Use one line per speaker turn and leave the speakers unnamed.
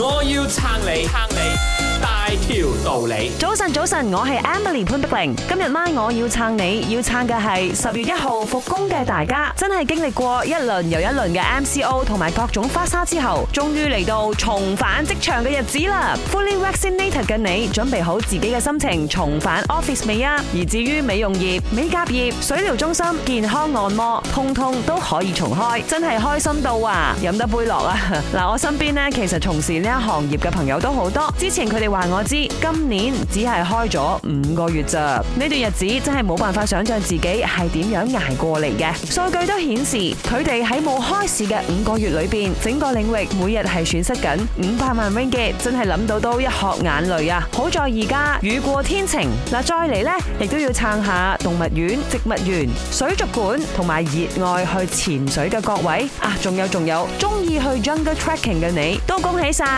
我要撐你，撐你大條
道理。早晨，早晨，我係 Emily 潘碧玲。今日晚我要撐你，要撐嘅係十月一號復工嘅大家。真係經歷過一輪又一輪嘅 MCO 同埋各種花沙之後，終於嚟到重返職場嘅日子啦。Fully vaccinated 嘅你，準備好自己嘅心情，重返 office 未啊？而至於美容業、美甲業、水療中心、健康按摩，通通都可以重開，真係開心到啊！飲得杯落啊！嗱，我身邊呢，其實從事呢。行業嘅朋友都好多，之前佢哋話我知，今年只係開咗五個月咋，呢段日子真係冇辦法想象自己係點樣挨過嚟嘅。數據都顯示，佢哋喺冇開市嘅五個月裏邊，整個領域每日係損失緊五百萬 ringgit 嘅，真係諗到都一盒眼淚啊！好在而家雨過天晴，嗱再嚟呢亦都要撐下動物園、植物園、水族館同埋熱愛去潛水嘅各位啊！仲有仲有，中意去 jungle trekking 嘅你，都恭喜晒！